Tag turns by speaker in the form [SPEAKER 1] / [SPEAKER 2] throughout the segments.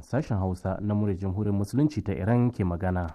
[SPEAKER 1] Sashen Hausa na murya Jamhuriyar Musulunci ta Iran ke magana.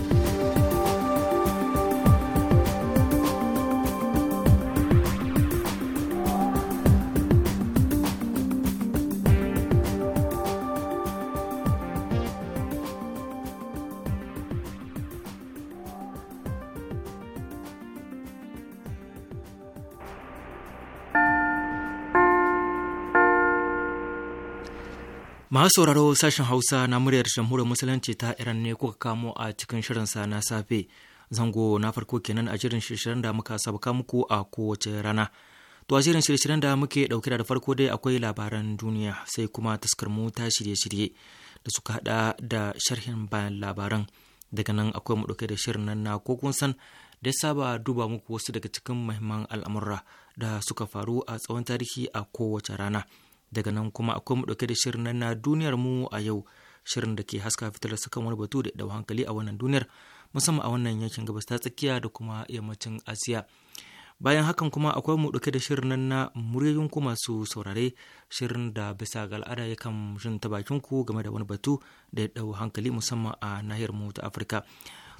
[SPEAKER 1] Masu sauraro sashen Hausa na muryar jamhuriyar Musulunci ta Iran ne kuka kamo a cikin shirin sa na safe. Zango na farko kenan a shirin shirin da muka sabuka muku a kowace rana. To a shirin shirin da muke dauke da farko dai akwai labaran duniya sai kuma taskar mu ta shirye-shirye da suka hada da sharhin bayan labaran. Daga nan akwai mu dauke da shirin nan na ko kun san da saba duba muku wasu daga cikin muhimman al'amura da suka faru a tsawon tarihi a kowace rana. daga nan kuma akwai mu dauke da shirin na duniyar mu a yau shirin da ke haska fitar sakan wani batu da dau hankali a wannan duniyar musamman a wannan yankin gabas ta tsakiya da kuma yammacin asiya bayan hakan kuma akwai mu dauke da shirin nan na muryoyin ku masu saurare shirin da bisa ga al'ada yakan jin ta bakin ku game da wani batu da ya dau hankali musamman a nahiyar mu ta afirka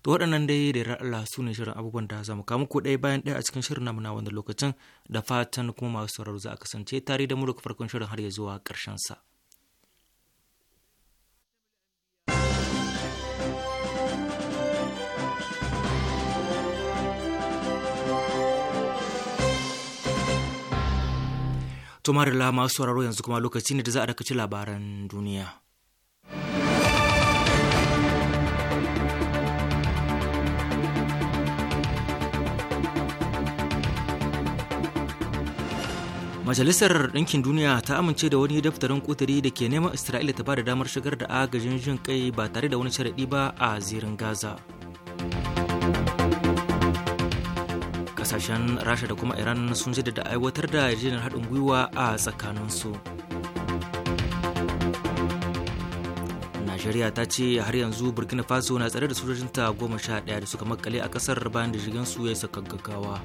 [SPEAKER 1] to waɗannan dai da Allah su ne shirin abubuwan da za mu kamu muku ɗaya bayan ɗaya a cikin shirin namu na wanda lokacin da fatan kuma masu sauraro za a kasance tare da mu daga farkon shirin har ya zuwa ƙarshen sa. tumarila la masu sauraro yanzu kuma lokaci ne da za a dakaci labaran duniya. Majalisar Ɗinkin Duniya ta amince da wani daftarin kuturi da ke neman Isra'ila ta ba da damar shigar da agajin jin kai ba tare da wani sharaɗi ba a zirin Gaza. Kasashen Rasha da kuma Iran sun da aiwatar da yarjejeniyar haɗin gwiwa a tsakaninsu. Najeriya ta ce har yanzu Burkina Faso na tsare da sojojinta goma sha ɗaya da suka makale a ƙasar bayan da su ya saka gaggawa.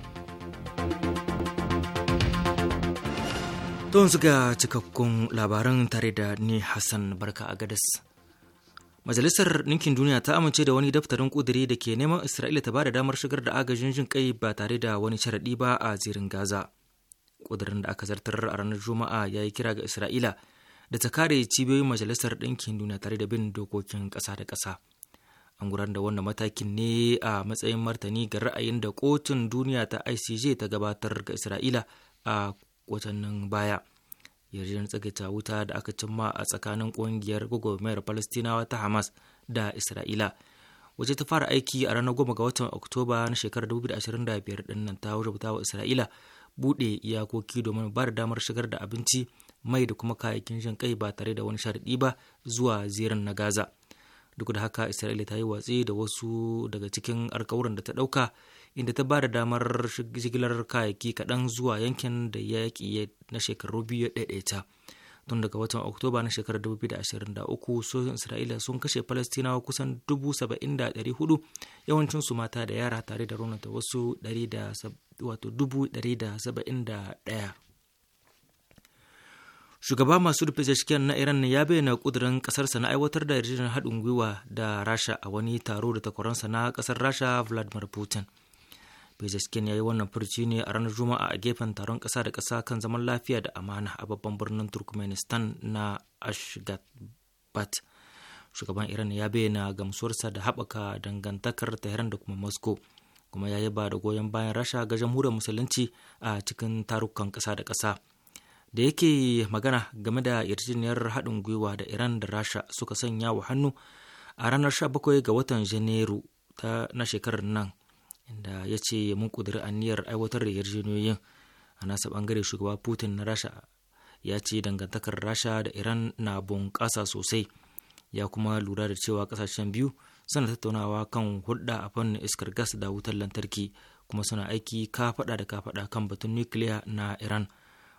[SPEAKER 1] To yanzu ga cikakkun labaran tare da ni Hassan Barka a Gadas. Majalisar Ɗinkin Duniya ta amince da wani daftarin ƙudiri da ke neman Isra'ila ta ba da damar shigar da agajin jin kai ba tare da wani sharaɗi ba a zirin Gaza. Ƙudirin da aka zartar a ranar Juma'a ya yi kira ga Isra'ila da ta kare cibiyoyin Majalisar Ɗinkin Duniya tare da bin dokokin ƙasa da ƙasa. An gudanar da wannan matakin ne a matsayin martani ga ra'ayin da kotun duniya ta ICJ ta gabatar ga Isra'ila a watannin baya yarjejeniyar tsagaita wuta da aka cimma a tsakanin kungiyar gwagwarmayar palestinawa ta hamas da isra'ila wace ta fara aiki a ranar goma ga watan oktoba na shekarar 2025 din nan ta rubuta wa isra'ila buɗe iyakoki domin ba da damar shigar da abinci mai da kuma kayayyakin jin kai ba tare da wani sharaɗi ba zuwa zirin na gaza duk da haka isra'ila ta yi watsi da wasu daga cikin alkawuran da ta ɗauka inda ta ba da damar jigilar kayayyaki kaɗan zuwa yankin da ya yaƙi na shekaru biyu ya ɗaiɗaita tun daga watan oktoba na shekarar 2023 sojin isra'ila sun kashe falastinawa kusan 70,400 yawancin su mata da yara tare da raunata wasu 171 shugaba masu rufe na iran ya bayyana kudirin kasarsa na aiwatar da yarjejeniyar haɗin gwiwa da rasha a wani taro da takwaransa na kasar rasha vladimir putin Pezeshkian ya yi wannan furci ne a ranar Juma'a a gefen taron ƙasa da ƙasa kan zaman lafiya da amana a babban birnin Turkmenistan na Ashgabat. Shugaban Iran ya bayyana gamsuwarsa da haɓaka dangantakar Tehran da kuma Moscow, kuma ya yi ba da goyon bayan Rasha ga jamhuriyar Musulunci a cikin tarukan ƙasa da ƙasa. Da yake magana game da yarjejeniyar haɗin gwiwa da Iran da Rasha suka sanya wa hannu a ranar 17 ga watan Janairu ta na shekarar nan inda ya ce mun a aniyar aiwatar da yarjejeniyoyin a nasa bangare shugaba putin na rasha ya ce dangantakar rasha da iran na bunƙasa sosai ya kuma lura da cewa ƙasashen biyu suna tattaunawa kan hulɗa a fannin iskar gas da wutar lantarki kuma suna aiki kafaɗa da kafaɗa kan batun nukiliya na iran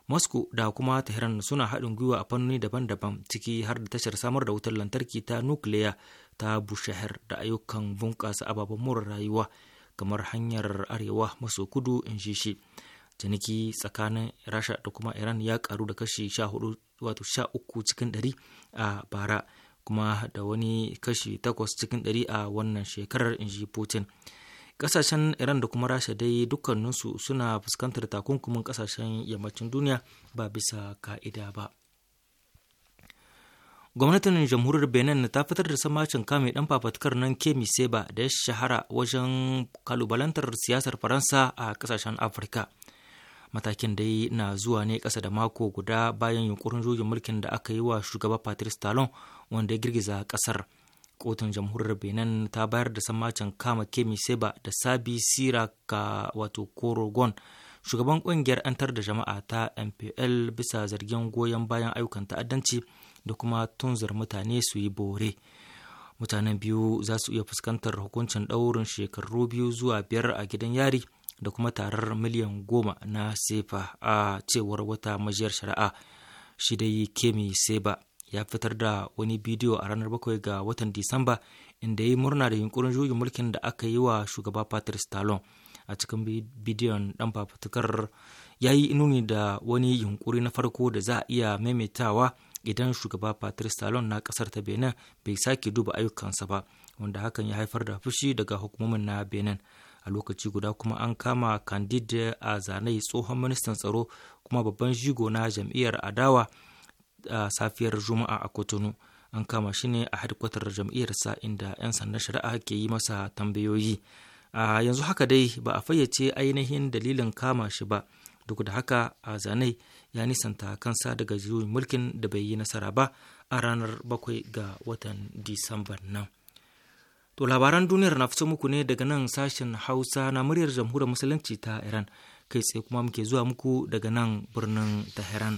[SPEAKER 1] moscow da kuma tehran suna haɗin gwiwa a fannoni daban-daban ciki har da tashar samar da wutar lantarki ta nukiliya ta bushahar da ayyukan bunƙasa ababen more rayuwa kamar hanyar arewa maso kudu in shi shi ciniki tsakanin rasha da kuma iran ya karu da kashi 14 wato 13 cikin 100 a bara kuma da wani kashi 8 cikin 100 a wannan shekarar in ji putin kasashen iran da kuma rasha dai dukkaninsu suna fuskantar takunkumin kasashen yammacin duniya ba bisa ka'ida ba gwamnatin jamhuriyar benin ta fitar da samacin kame dan fafatkar nan kemi seba da ya shahara wajen kalubalantar siyasar faransa a kasashen afirka matakin dai na zuwa ne kasa da mako guda bayan yunkurin juyin mulkin da aka yi wa shugaba patrice talon wanda ya girgiza kasar kotun jamhuriyar benin ta bayar da samacin kama kemi seba da sabi sira ka wato korogon shugaban kungiyar 'yantar da jama'a ta mpl bisa zargin goyon bayan ayyukan ta'addanci da kuma tunzar mutane su yi bore mutanen biyu za su iya fuskantar hukuncin ɗaurin shekaru biyu zuwa biyar a gidan yari da kuma tarar miliyan goma na sefa a cewar wata majiyar shari'a shi yi kemi seba ya fitar da wani bidiyo a ranar bakwai ga watan disamba inda ya yi murna da yunkurin juyi mulkin da aka yi wa shugaba patrice talon a cikin bidiyon dan fafutukar ya yi nuni da wani yunkuri na farko da za a iya maimaitawa idan shugaba patrice talon na kasar ta benin bai sake duba ayyukansa ba wanda hakan ya haifar da fushi daga hukumomin na benin a lokaci guda kuma an kama candide a zanai tsohon ministan tsaro kuma babban jigo na jam'iyyar adawa a safiyar juma'a a kotunu an kama shi ne a hadkwatar sa inda 'yan sandan shari'a ke yi masa tambayoyi a yanzu haka dai ba a fayyace ainihin dalilin kama shi ba duk da haka a zanai ya nisanta kansa daga juyin mulkin da bai yi nasara ba a ranar bakwai ga watan disamba nan to labaran duniyar na fito muku ne daga nan sashen hausa na muryar jamhuriyar musulunci ta iran kai tsaye kuma muke zuwa muku daga nan birnin tehran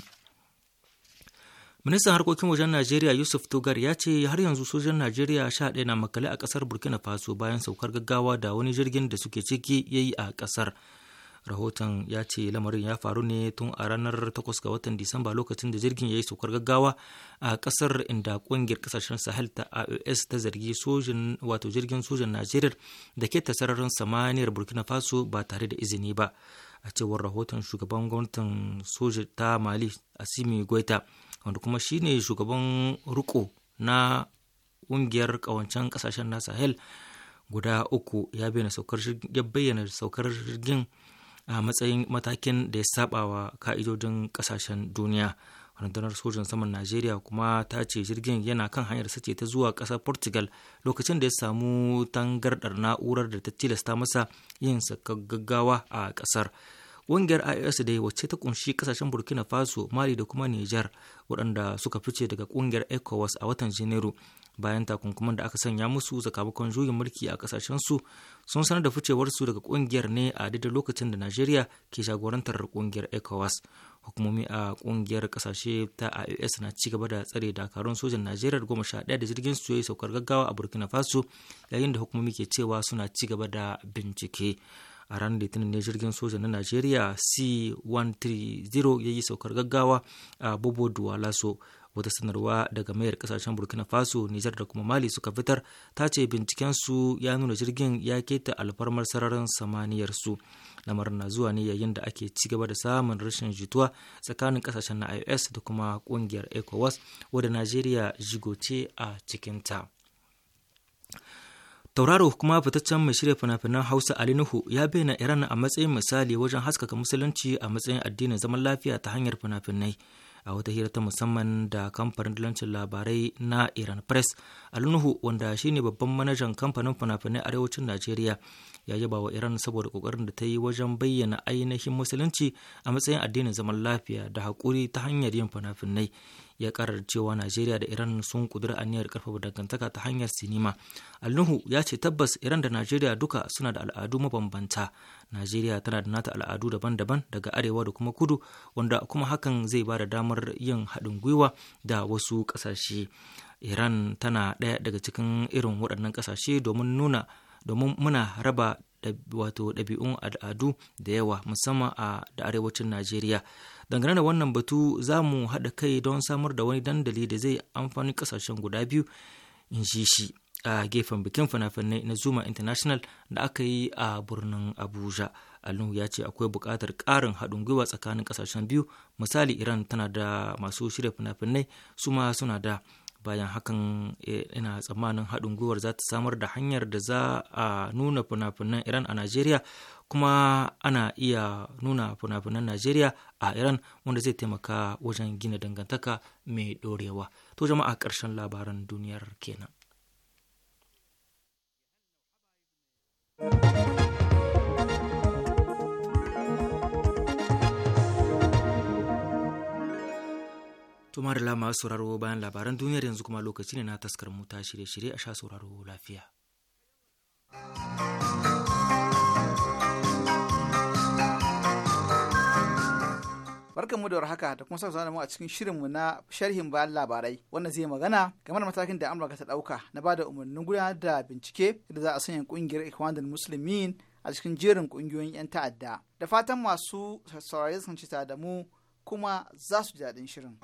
[SPEAKER 1] ministan harkokin wajen najeriya yusuf tugar ya ce har yanzu sojan najeriya sha ɗaya na makale a ƙasar burkina faso bayan saukar gaggawa da wani jirgin da suke ciki yayi a ƙasar rahoton ya ce lamarin ya faru ne tun a ranar 8 ga watan disamba lokacin da jirgin ya yi saukar gaggawa a kasar inda kungiyar kasashen sahel ta ios ta zargi sojin wato jirgin sojan najeriya da ke ta samaniyar burkina faso ba tare da izini ba a cewar rahoton shugaban gwamnatin soja ta mali asimi goita wanda kuma shine shugaban riko na kungiyar kawancen kasashen na sahel guda uku ya bayyana saukar jirgin a matsayin matakin da ya saba wa ka'idodin kasashen duniya rundunar sojan saman najeriya kuma ta ce jirgin yana kan hanyar sace ta zuwa ƙasar portugal lokacin da ya samu tangardar na'urar da ta tilasta masa yin sakar gaggawa a ƙasar ƙungiyar IOS da wacce ta kunshi kasashen Burkina Faso, Mali da kuma niger waɗanda suka fice daga ƙungiyar ECOWAS a watan Janairu bayan takunkuman da aka sanya musu sakamakon juyin mulki a kasashensu sun sanar da ficewarsu daga kungiyar ne a daidai lokacin da najeriya ke jagorantar kungiyar ecowas hukumomi a kungiyar kasashe ta ios na ci gaba da tsare dakarun sojan najeriya goma sha ɗaya da jirgin su yi saukar gaggawa a burkina faso yayin da hukumomi ke cewa suna ci gaba da bincike a ranar litinin ne jirgin soja na najeriya c130 ya yi saukar gaggawa a bobo duwalaso wata sanarwa daga mayar kasashen burkina faso nijar da kuma mali suka fitar ta ce binciken su ya nuna jirgin ya keta alfarmar sararin samaniyarsu lamarin na zuwa ne yayin da ake ci gaba da samun rashin jituwa tsakanin kasashen na ios da kuma kungiyar ecowas wadda najeriya jigoce a cikinta Tauraro kuma fitaccen mai shirya fina-finan Hausa Ali Nuhu ya bayyana Iran a matsayin misali wajen haskaka musulunci a matsayin addinin zaman lafiya ta hanyar fina-finai. a wata hira ta musamman da kamfanin dalancin labarai na iran press alnuhu wanda shine babban manajan kamfanin fina-finai arewacin najeriya ya yaba wa iran saboda kokarin da ta yi wajen bayyana ainihin musulunci a matsayin addinin zaman lafiya da haƙuri ta hanyar yin fina-finai ya karar cewa najeriya da iran sun kudura aniyar karfafa dangantaka ta hanyar sinima alnuhu ya ce tabbas iran da najeriya duka suna da al'adu mabambanta najeriya tana da nata al'adu daban-daban daga arewa da kuma kudu wanda kuma hakan zai ba da damar yin haɗin gwiwa da wasu ƙasashe iran tana ɗaya daga cikin irin waɗannan ƙasashe domin nuna domin muna raba wato ɗabi'un al'adu da yawa musamman a da arewacin najeriya dangane da wannan batu za mu haɗa kai don samar da wani dandali da zai amfani ƙasashen guda biyu in shi shi a gefen bikin fina-finai na zuma international da aka yi a birnin abuja alu ya ce akwai buƙatar ƙarin haɗin gwiwa tsakanin ƙasashen biyu misali iran tana da masu shirya fina-finai su ma suna da bayan hakan e, ina tsammanin haɗin gwiwar za ta samar da hanyar da za a nuna fina-finan iran a najeriya kuma ana iya nuna fina-finan najeriya a iran wanda zai taimaka wajen gina dangantaka mai ɗorewa to jama'a ƙarshen labaran duniyar kenan Tumar lama sauraro bayan labaran duniyar yanzu kuma lokaci ne na taskar mu ta shirye-shirye a sha sauraro lafiya.
[SPEAKER 2] Barkanmu da haka da kuma sauran mu a cikin shirinmu na sharhin bayan labarai wanda zai magana game da matakin da Amurka ta dauka na bada umarnin gudanar da bincike da za a sanya kungiyar Ikhwanul musulmin a cikin jerin kungiyoyin 'yan ta'adda. Da fatan masu saurari sun ci da mu kuma za su ji daɗin shirin.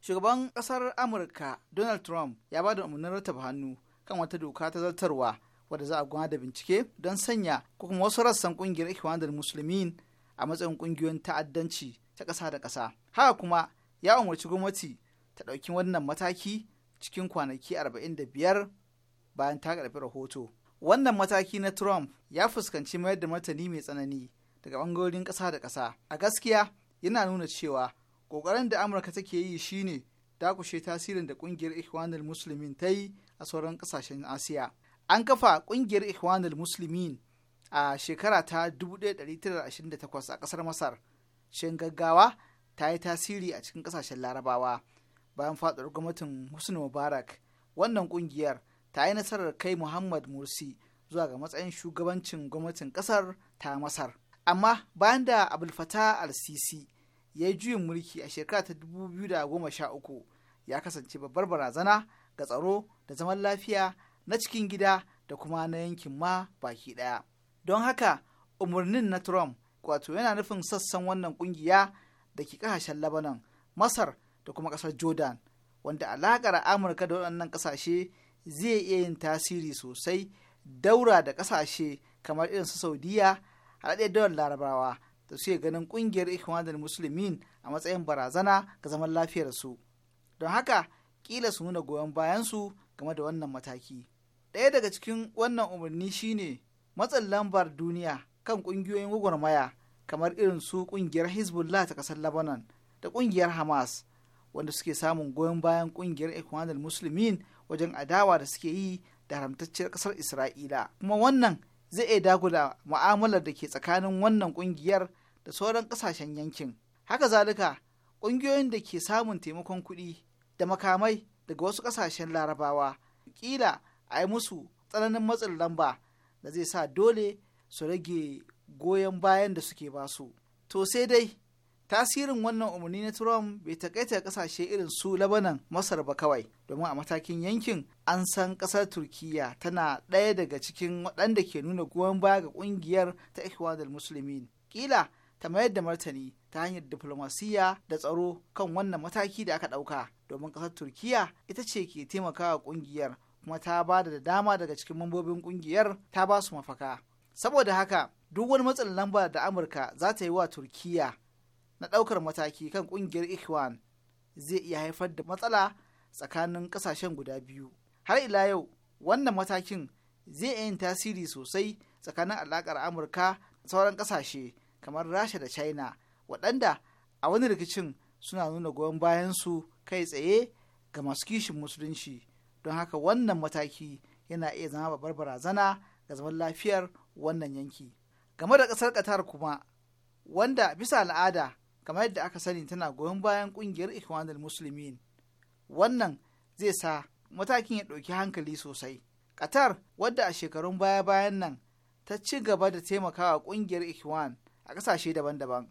[SPEAKER 2] Shugaban kasar Amurka Donald Trump ya ba da umarnin rattaba hannu kan wata doka ta zartarwa wadda za a gudanar da bincike don sanya ko kuma wasu rassan kungiyar ikhwanul muslimin a matsayin kungiyoyin ta'addanci ta ƙasa da ƙasa haka kuma ya umarci gwamnati ta ɗauki wannan mataki cikin kwanaki 45 bayan ta karbi rahoto wannan mataki na trump ya fuskanci mayar da martani mai tsanani daga ɓangarorin ƙasa da ƙasa a gaskiya yana nuna cewa ƙoƙarin da amurka take yi shine dakushe tasirin da ƙungiyar ikhwanul muslimin ta yi a sauran ƙasashen asiya an kafa ƙungiyar ikhwanul muslimin a shekara ta 1928 a ƙasar masar shin gaggawa ta yi tasiri a cikin ƙasashen larabawa bayan faɗuwar gwamnatin husni mubarak wannan ƙungiyar ta yi nasarar kai muhammad mursi zuwa ga matsayin shugabancin gwamnatin ƙasar ta masar amma bayan da abulfata al-sisi ya yi juyin mulki a shekara ta 2013 ya kasance babbar barazana ga tsaro da zaman lafiya na cikin gida da kuma na yankin ma baki daya Don haka umarnin na Trump wato yana nufin sassan wannan kungiya da ke ƙasashen Lebanon, Masar da kuma kasar Jordan, wanda alaƙar Amurka da waɗannan ƙasashe zai iya yin tasiri sosai daura da ƙasashe kamar irin su Saudiya, ɗaya da Larabawa da suke ganin kungiyar Ikhwanul Musulmin a matsayin barazana ga zaman lafiyarsu. Don haka, kila su nuna goyon bayansu game da wannan mataki. ɗaya daga cikin wannan umarni shine matsin lambar duniya kan ƙungiyoyin gwagwarmaya kamar irin su ƙungiyar hezbollah ta ƙasar lebanon da ƙungiyar hamas wanda suke samun goyon bayan ƙungiyar ikwanul musulmin wajen adawa da suke yi da haramtacciyar ƙasar isra'ila kuma wannan zai iya dagula mu'amalar da ke tsakanin wannan ƙungiyar da sauran ƙasashen yankin haka zalika ƙungiyoyin da ke samun taimakon kuɗi da makamai daga wasu ƙasashen larabawa kila a musu tsananin matsin lamba da zai sa dole su rage goyon bayan da suke basu. To sai dai tasirin wannan umarni na Trump bai takaita kasashe irin su Labanan Masar ba kawai domin a matakin yankin an san kasar Turkiyya tana ɗaya daga cikin waɗanda ke nuna goyon baya ga ƙungiyar ta Ikhwanul Muslimin. Kila ta mayar da martani ta hanyar diflomasiyya da tsaro kan wannan mataki da aka ɗauka domin ƙasar Turkiyya ita ce ke taimakawa ƙungiyar kuma ta ba da dama daga cikin mambobin kungiyar ta ba su mafaka saboda haka duk wani matsin lamba da amurka za ta yi wa turkiya na ɗaukar mataki kan kungiyar ikhwan zai iya haifar da matsala tsakanin ƙasashen guda biyu har ila yau wannan matakin zai iya yin tasiri sosai tsakanin alaƙar amurka da sauran ƙasashe kamar rasha da china waɗanda a wani rikicin suna nuna goyon su kai tsaye ga masu kishin musulunci don haka wannan mataki yana iya zama babbar barazana ga zaman lafiyar wannan yanki game da ƙasar qatar kuma wanda bisa al'ada kamar yadda aka sani tana goyon bayan ƙungiyar ikhwanul muslimin wannan zai sa matakin ya ɗauki hankali sosai qatar wadda a shekarun baya bayan nan ta ci gaba da taimakawa ƙungiyar ikwan a ƙasashe daban-daban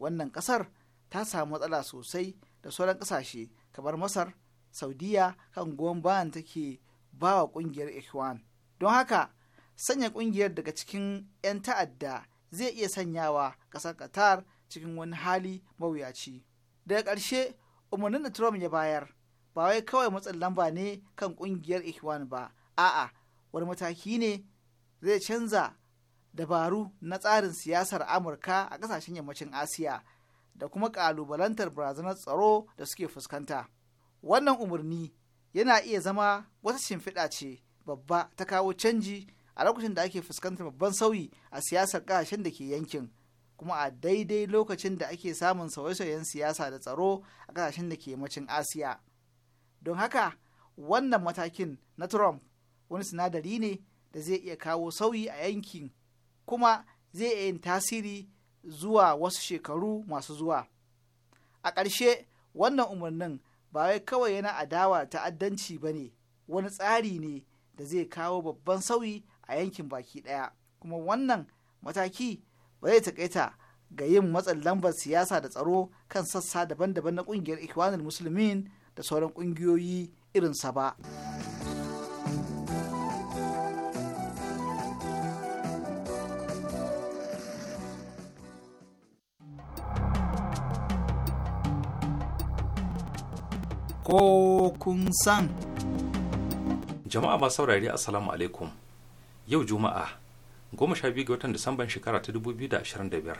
[SPEAKER 2] wannan ƙasar ta samu matsala sosai da sauran ƙasashe kamar masar saudiya kan goyon bayan take ba wa kungiyar ikhwan don haka sanya kungiyar daga cikin 'yan ta'adda zai iya sanyawa ƙasar qatar cikin wani hali mawuyaci daga ƙarshe umarnin da trump ya bayar ba wai kawai matsin lamba ne kan kungiyar ikhwan ba a'a wani mataki ne zai canza dabaru na tsarin siyasar amurka a ƙasashen yammacin asiya da kuma ƙalubalantar barazanar tsaro da suke fuskanta. wannan umarni yana iya zama wata shimfiɗa ce babba ta kawo canji a lokacin da ake fuskantar babban sauyi a siyasar ƙasashen da ke yankin kuma a daidai lokacin da ake samun sauye-sauyen siyasa da tsaro a ƙasashen da ke yammacin asiya don haka wannan matakin na trump wani sinadari ne da zai iya kawo sauyi a yankin kuma zai iya yin tasiri zuwa wasu shekaru masu zuwa a ƙarshe wannan umarnin ba wai kawai yana adawa ta'addanci ba ne wani tsari ne da zai kawo babban sauyi a yankin baki ɗaya kuma wannan mataki ba zai takaita ga yin matsin lambar siyasa da tsaro kan sassa daban-daban na ƙungiyar ikwanin musulmin da sauran ƙungiyoyi irinsa ba. ko kun san.
[SPEAKER 3] Jama'a masu saurari Assalamu alaikum. Yau Juma'a, goma sha biyu ga watan Disamban shekara ta dubu biyu da ashirin da biyar,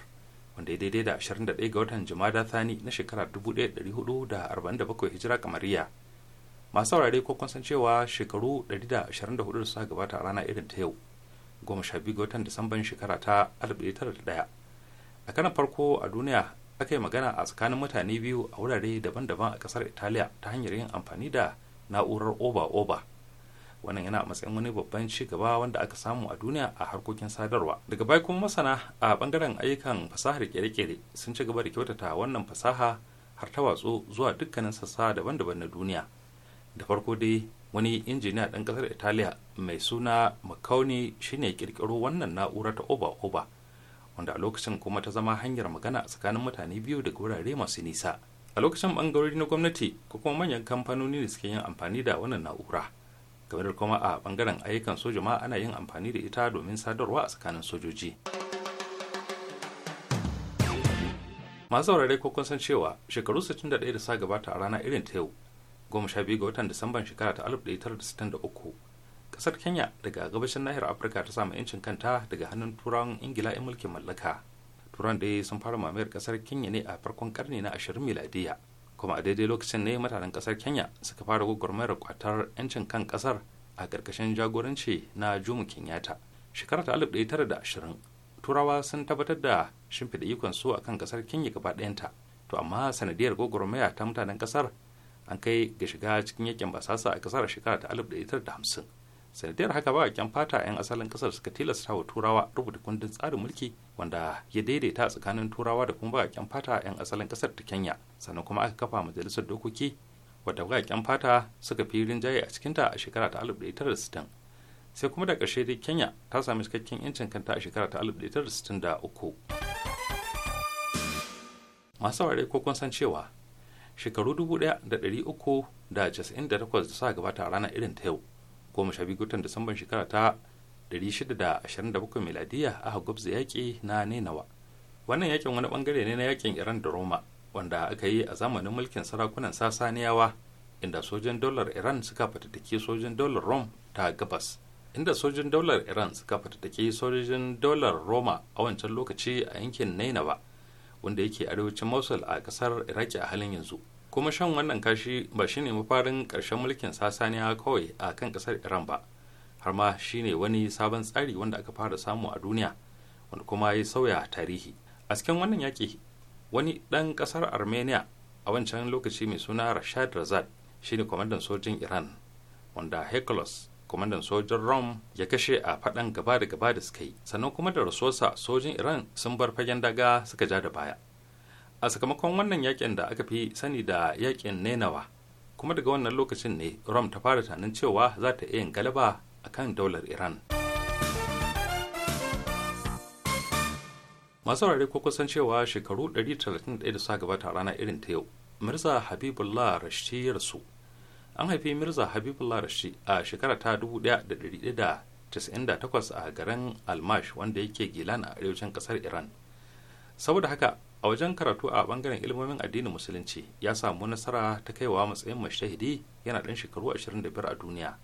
[SPEAKER 3] wanda ya daidai da ashirin da ɗaya ga watan Jumada Thani na shekara dubu ɗaya ɗari hudu da arba'in da bakwai hijira kamariya. Masu saurari ko kun san cewa shekaru ɗari da ashirin da hudu da suka gabata a rana irin ta yau, goma sha biyu ga watan Disamban shekara ta alif ɗaya tara da ɗaya. A kanan farko a duniya aka yi magana a tsakanin mutane biyu a wurare daban-daban a kasar italiya ta hanyar yin amfani da na'urar oba-oba wannan yana a matsayin wani babban ci gaba wanda aka samu a duniya a harkokin sadarwa daga baya kuma masana a bangaren ayyukan fasahar kere-kere sun ci gaba da kyautata wannan fasaha har ta watsu zuwa dukkanin sassa daban-daban na duniya da farko dai wani injiniya ɗan ƙasar italiya mai suna makauni shine ƙirƙiro wannan na'urar ta oba-oba wanda a lokacin kuma ta zama hanyar magana a tsakanin mutane biyu daga wurare masu nisa a lokacin bangarori na gwamnati ko kuma manyan kamfanoni da suke yin amfani da wannan na'ura kamar da kuma a bangaren ayyukan soja ma ana yin amfani da ita domin sadarwa a tsakanin sojoji masu saurare ko kun san cewa shekaru 61 da sa gabata a rana irin ta yau biyu ga watan disamban shekara ta 1963 kasar kenya daga gabashin nahiyar afirka ta samu 'yancin kanta daga hannun turawan ingila 'yan mulkin mallaka turan dai sun fara mamayar kasar kenya ne a farkon karni na 20 miladiya kuma a daidai lokacin ne mutanen kasar kenya suka fara gwagwarmayar kwatar 'yancin kan kasar a ƙarƙashin jagoranci na jomo kenyatta shekarar ta 1920 turawa sun tabbatar da shimfiɗa ikon su akan kasar kenya gaba ɗayanta to amma sanadiyar gwagwarmaya ta mutanen kasar an kai ga shiga cikin yakin basasa a kasar shekara ta 1950 sanadiyar haka ba kyan fata 'yan asalin kasar suka tilasta wa turawa rubuta kundin tsarin mulki wanda ya daidaita tsakanin turawa da kuma baƙaƙen fata 'yan asalin kasar ta kenya sannan kuma aka kafa majalisar dokoki wadda baƙaƙen fata suka fi rinjaye a cikinta a shekara ta 1960 sai kuma da karshe dai kenya ta sami cikakken 'yancin kanta a shekara ta 1963 masu ware ko kun san cewa shekaru 1398 da suka gabata a ranar irin ta yau goma sha biyu watan disamban shekara ta 627 miladiya aka gwabza yaƙi na nenawa wannan yakin wani bangare ne na yakin iran da roma wanda aka yi a zamanin mulkin sarakunan sasaniyawa inda sojin dolar iran suka fatattake sojin dolar rome ta gabas inda sojin dolar iran suka fatattake sojin dolar roma a wancan lokaci a yankin nainawa wanda yake arewacin mosul a kasar iraki a halin yanzu kuma shan wannan kashi ba shi ne mafarin ƙarshen mulkin sasaniya kawai a kan ƙasar iran ba har ma ne wani sabon tsari wanda aka fara samu a duniya wanda kuma ya sauya tarihi a cikin wannan yaƙi wani ɗan ƙasar armenia a wancan lokaci mai suna rashad razad ne kwamandan sojin iran wanda heklos kwamandan sojin rom ya kashe a faɗan gaba da gaba da suka yi sannan kuma da rasuwarsa sojin iran sun bar fagen daga suka ja da baya a sakamakon wannan yakin da aka fi sani da yakin nenawa kuma daga wannan lokacin ne rom ta fara tunanin cewa za ta iya yin galaba a kan daular iran masu rare ko kusan cewa shekaru 131 da sa gabata rana irin ta yau mirza habibullah rashi ya rasu an haifi mirza habibullah rashi a shekara ta 1998 a garin almash wanda yake gilan a arewacin kasar iran saboda haka a wajen karatu a bangaren ilmomin addinin musulunci ya samu nasara ta kaiwa matsayin mashahidi yana ɗan shekaru 25 a duniya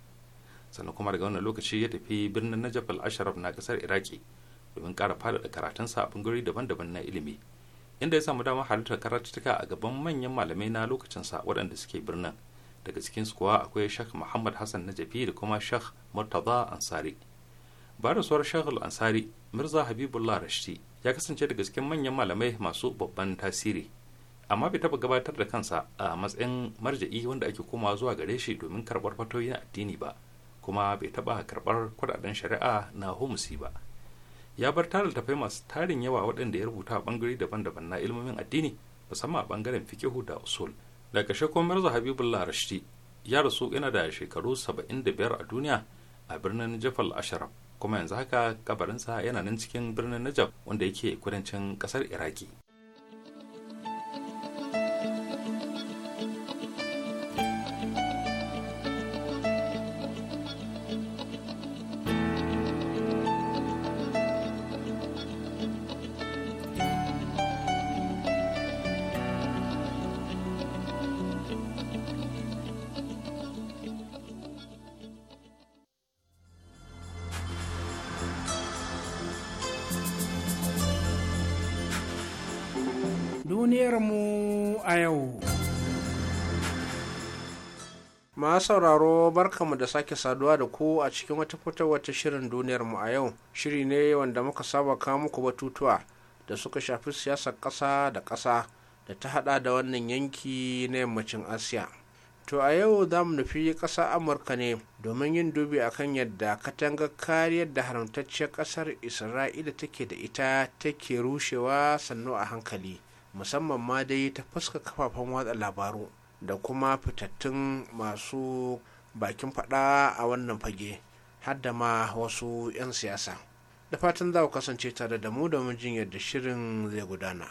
[SPEAKER 3] sannan kuma daga wannan lokaci ya tafi birnin najaf al ashraf na ƙasar iraki domin ƙara faɗaɗa karatunsa a bangarori daban-daban na ilimi inda ya samu damar halartar karatuttuka a gaban manyan malamai na lokacinsa waɗanda suke birnin daga cikinsu kuwa akwai shak muhammad hassan najafi da kuma shak murtaza ansari bayan rasuwar shak al-ansari mirza habibullah rashidi ya kasance daga cikin manyan malamai masu babban tasiri amma bai taɓa gabatar da kansa a matsayin marja'i wanda ake komawa zuwa gare shi domin karɓar fatoyin addini ba kuma bai taba karɓar kudaden shari'a na humusi ba ya bar tarin tafai masu tarin yawa waɗanda ya rubuta a bangare daban-daban na ilmomin addini musamman a ɓangaren fikihu da usul daga ƙarshe kuma mirza habibullah rashidi ya rasu yana da shekaru saba'in da biyar a duniya a birnin jafal asharaf kuma yanzu haka kabarinsa yana nan cikin birnin najaf wanda yake kudancin kasar iraki
[SPEAKER 4] sauraro barkamu da sake saduwa da ku a cikin wata fitowar wata shirin duniyar mu a yau shiri ne wanda muka saba kawo muku batutuwa da suka shafi siyasar ƙasa da ƙasa da ta hada da wannan yanki na yammacin asiya to a yau za mu nufi ƙasa amurka ne domin yin dubi akan yadda katangar kariyar da haramtacciyar ƙasar isra'ila take da ita take rushewa sannu a hankali musamman ma dai ta fuska kafafen watsa labaru da kuma fitattun masu bakin fada a wannan fage har da ma wasu 'yan siyasa da fatan za ku kasance tare da mu da mijin yadda shirin zai gudana.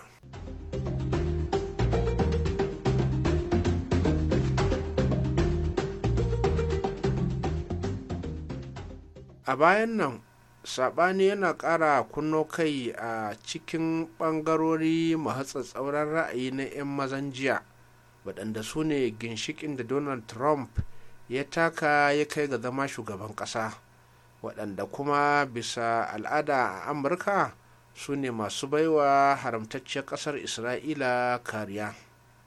[SPEAKER 4] a bayan nan sabani yana kara kunno kai a cikin bangarori tsauran ra'ayi na 'yan mazan jiya waɗanda su ne ginshikin da donald trump ya taka ya kai ga zama shugaban ƙasa waɗanda kuma bisa al'ada a amurka su ne masu baiwa haramtacciyar ƙasar isra'ila kariya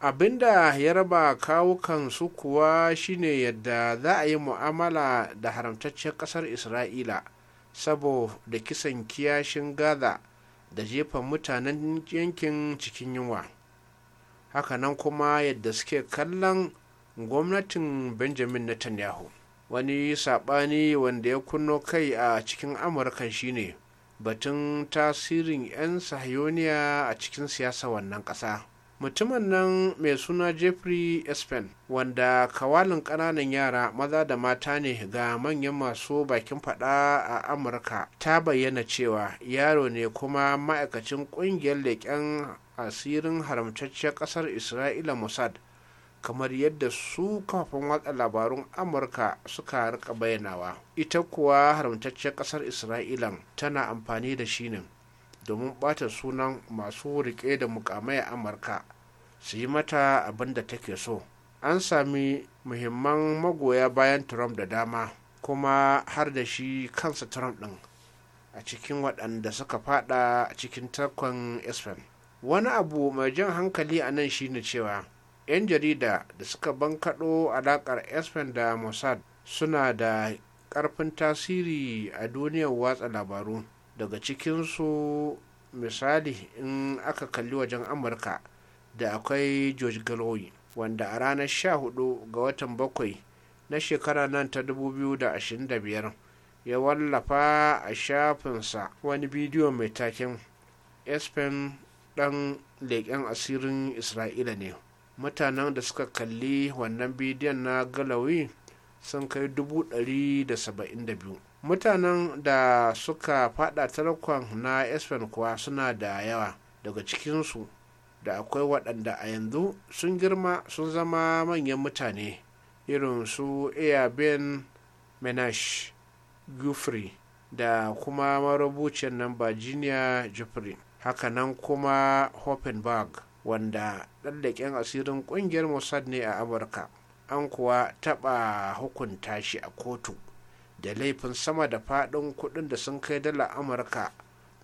[SPEAKER 4] abinda ya raba kawukan su kuwa shine yadda za a yi mu'amala da haramtacciyar ƙasar isra'ila saboda kisan kiyashin gaza da jefa mutanen yankin cikin yunwa hakanan kuma yadda suke kallon gwamnatin benjamin netanyahu wani saɓani wanda ya kunno kai a cikin amurka shine batun tasirin 'yan sahiyoniya a cikin siyasa wannan ƙasa mutumin nan mai suna jeffrey espen wanda kawalin ƙananan yara maza da mata ne ga manyan masu bakin fada a amurka ta bayyana cewa yaro ne kuma ma'aikacin ƙungiyar leƙen asirin haramtacciyar ƙasar isra'ila mossad kamar yadda su kafafen watsa labarun amurka suka rika bayanawa ita kuwa haramtacciyar ƙasar isra'ila tana amfani da shi ne domin ɓata sunan masu rike da mukamai amurka su yi mata abin da take so an sami muhimman magoya bayan trump da dama kuma har da shi kansa trump ɗin a cikin waɗanda suka fada cikin takon espen wani abu mai jan hankali a nan shine cewa 'yan jarida da suka bankaɗo alaƙar espen da mossad suna da ƙarfin tasiri a duniyar watsa labaru daga cikinsu misali in aka kalli wajen amurka da akwai george galloway wanda a ranar 14 ga watan bakwai na shekara nan ta 2025 ya wallafa a shafinsa wani bidiyo mai taken espen ɗan leƙen asirin isra'ila ne mutanen da suka kalli wannan bidiyon na galawi sun kai dubu ɗari da saba'in 172 mutanen da suka fada tarkon na espen kuwa suna da yawa daga cikinsu da akwai waɗanda a yanzu sun girma sun zama manyan mutane irin su ben menash gufri da kuma marubuciyar nan virginia jeffrey hakanan kuma hoffenberg wanda ɗallaken asirin ƙungiyar mossad ne a amurka an kuwa taɓa hukunta shi a kotu da laifin sama da faɗin kuɗin da sun kai dala amurka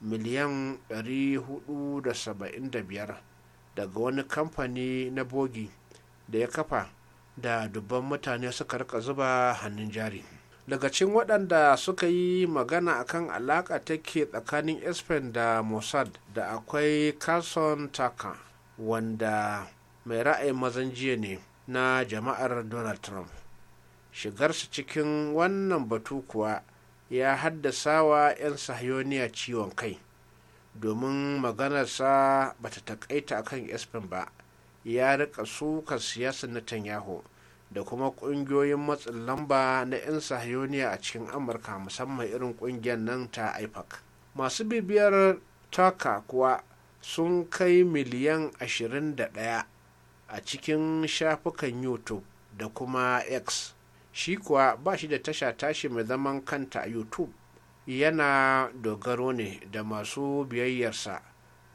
[SPEAKER 4] miliyan 475 daga wani kamfani na bogi da ya kafa da dubban mutane suka rika zuba hannun jari daga cikin waɗanda suka yi magana akan alaƙa take tsakanin espen da mossad da akwai carson taka wanda mai ra'ayin mazan jiya ne na jama'ar donald trump shigarsa cikin wannan batu kuwa ya haddasa wa 'yan sahiyoniya ciwon kai domin maganarsa bata takaita akan espen ba ya rika suka siyasa netanyahu da kuma kungiyoyin matsin lamba na 'yan sahiyoniya a cikin amurka musamman irin kungiyar nan ta ipac masu bibiyar taka kuwa sun kai miliyan 21 a cikin shafukan youtube da kuma x shi kuwa ba shi da tasha tashi mai zaman kanta a youtube yana dogaro ne da masu biyayyarsa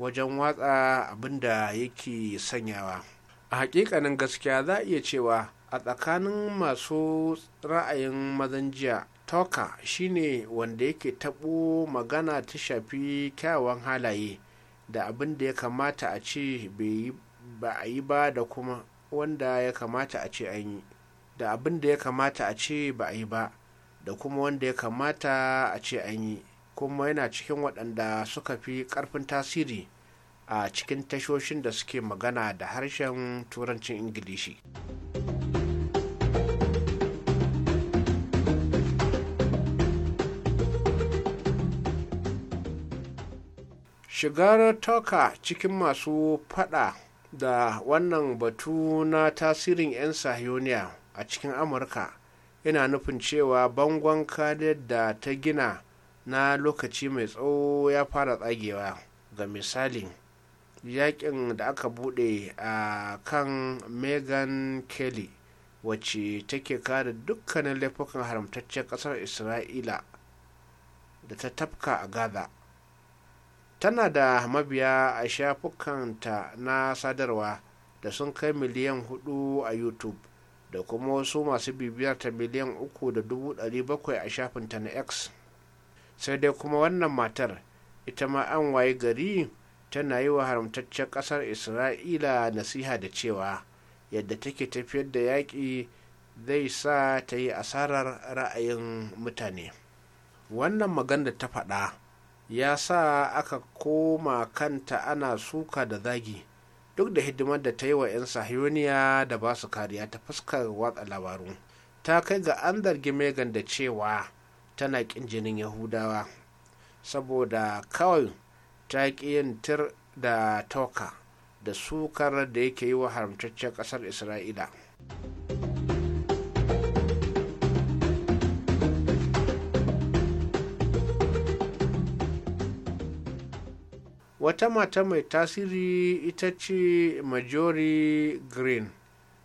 [SPEAKER 4] wajen watsa abinda da yake sanyawa a hakikanin gaskiya za a iya cewa a tsakanin masu ra'ayin mazan jiya toka shine wanda yake tabo magana ta shafi kyawawan halaye da abin da ya kamata a ce ba a yi ba da kuma wanda ya kamata a ce an yi da abin da ya kamata a ce ba a yi ba da kuma wanda ya kamata a ce an yi kuma yana cikin waɗanda suka fi ƙarfin tasiri a cikin tashoshin da suke magana da harshen turancin ingilishi. shigar toka cikin masu fada da wannan batu na tasirin 'yan sahiyoniya a cikin amurka yana nufin cewa bangon kadar da ta gina na lokaci mai tsawo ya fara tsagewa ga misali yakin da aka bude a kan megan kelly wacce take kare dukkanin laifukan haramtaccen kasar isra'ila da ta tafka a gaza tana da mabiya a shafukanta na sadarwa da sun kai miliyan hudu a youtube da kuma wasu masu bibiyar ta miliyan uku da dubu ɗari bakwai a shafinta na x sai dai kuma wannan matar ita ma an waye gari tana yi wa haramtaccen ƙasar isra'ila nasiha da cewa yadda take tafiyar da yaƙi zai sa ta yi asarar ra'ayin mutane wannan magana ta faɗa ya sa aka koma kanta ana suka da zagi duk da hidimar da ta yi wa 'yan sahiyoniya da ba su kariya ta fuskar watsa labaru ta kai ga an zargi megan da cewa tana kin jinin yahudawa saboda kawai ta ƙi yin tir da toka da sukar da yake yi wa haramtaccen ƙasar isra'ila wata mata mai tasiri ita ce majori green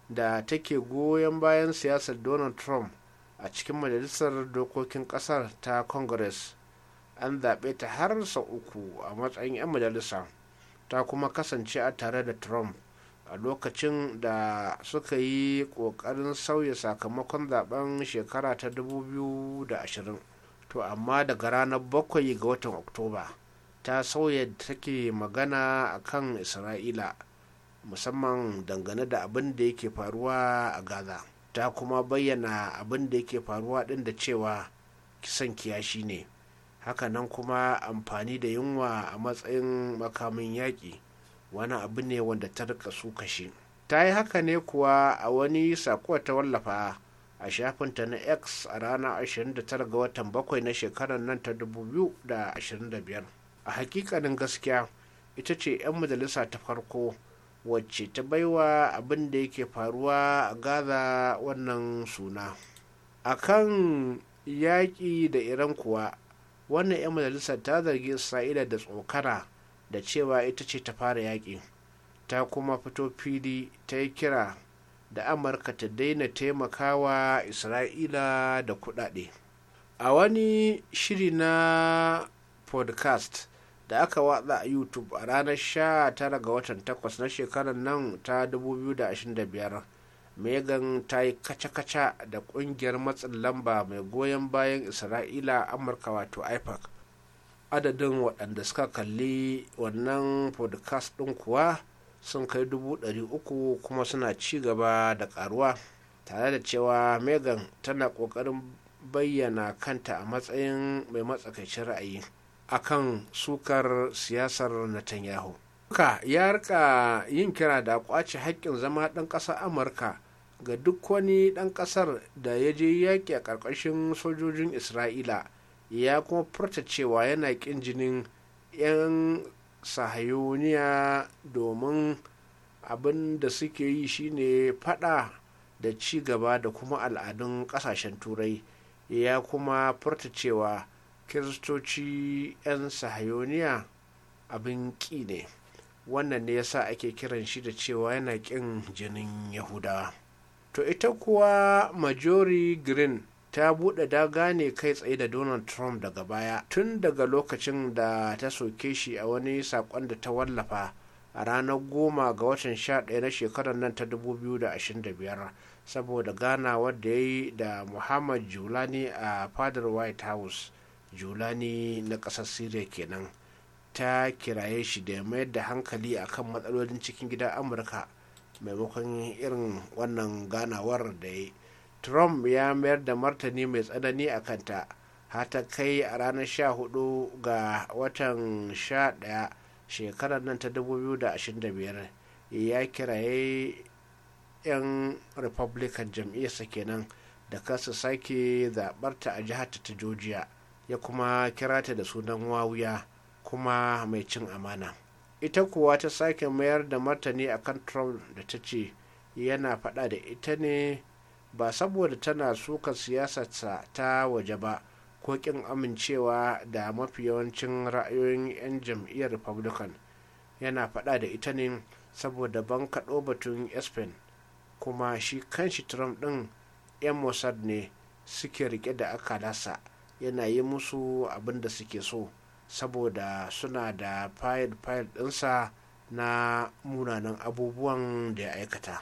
[SPEAKER 4] da take goyon bayan siyasar donald trump a cikin majalisar dokokin kasar ta congress an zaɓe ta har sau uku a matsayin 'yan majalisa ta kuma kasance a tare da trump a lokacin da suka yi ƙoƙarin sauya sakamakon zaben shekara ta 2020 to amma daga ranar bakwai ga watan oktoba ta sauya take magana a kan isra'ila musamman dangane da abin da yake faruwa a gaza ta kuma bayyana abin da yake faruwa din da cewa kisan kiyashi ne hakanan kuma amfani da yunwa a matsayin makamin yaƙi wani abu ne wanda ta rika su kashi ta yi haka ne kuwa a wani sakuwa ta wallafa a shafinta na x a ranar 29 ga watan bakwai na shekarar nan ta 2025 a hakikanin gaskiya ita ce 'yan majalisa ta farko wacce ta baiwa abin da yake faruwa a gaza wannan suna a kan yaƙi da iran kuwa wannan 'yan majalisa ta zargi isra'ila da tsokara da cewa ita ce ta fara yaƙi ta kuma fito fili ta yi kira da amurka ta daina taimakawa isra'ila da kuɗaɗe a wani shiri na podcast da aka watsa a youtube a ranar sha 19 ga watan 8 na shekarar nan ta 2025 megan ta yi kaca-kaca da kungiyar matsin lamba mai goyon bayan isra'ila amurka wato ipac adadin waɗanda suka kalli wannan podcast ɗin kuwa sun kai dubu uku kuma suna ci gaba da karuwa tare da cewa megan tana ƙoƙarin bayyana kanta a matsayin mai matsakaicin ra'ayi akan sukar siyasar netanyahu ka ya rika yin kira da kwace haƙƙin zama ɗan ƙasar amurka ga duk wani ɗan ƙasar da ya je yaƙi a ƙarƙashin sojojin isra'ila ya kuma furta cewa yana ƙin jinin 'yan sahayoniya domin abin da suke yi shine fada da ci gaba da kuma al'adun ƙasashen turai ya kuma furta cewa kiristoci 'yan sahayoniya abin ƙi ne wannan ne yasa ake kiran shi da cewa yana ƙin jinin yahudawa to ita kuwa majori green ta buɗe daga ne kai tsaye da donald trump daga baya tun daga lokacin da ta soke shi a wani saƙon da ta wallafa a ranar goma ga watan sha ɗaya na shekarar nan ta 2025 saboda ganawar da ya yi da muhammad julani a fadar white house julani na ƙasar syria kenan ta kiraye shi da mayar da hankali akan matsalolin cikin gidan amurka maimakon irin wannan ganawar da ya trump ya mayar da martani mai tsanani a kanta hata kai a ranar 14 ga watan 11 shekarar nan ta 2025 ya kiraye 'yan republican jam'iyyarsa kenan da kasu sake zaɓarta a jihar ta georgia ya kuma kira ta da sunan wawuya kuma mai cin amana ita kuwa ta sake mayar da martani akan trump da ta ce yana faɗa da ita ne ba saboda tana suka siyasarsa ta waje ba ko ƙin amincewa da mafi yawancin ra'ayoyin 'yan jam'iyyar republican yana faɗa da ita ne saboda ban kaɗo batun espen kuma shi kanshi trump ɗin 'yan mossad ne suke rike da aka lasa yana yi musu abin da suke so saboda suna da fayil-fayil ɗinsa na munanan abubuwan da ya aikata.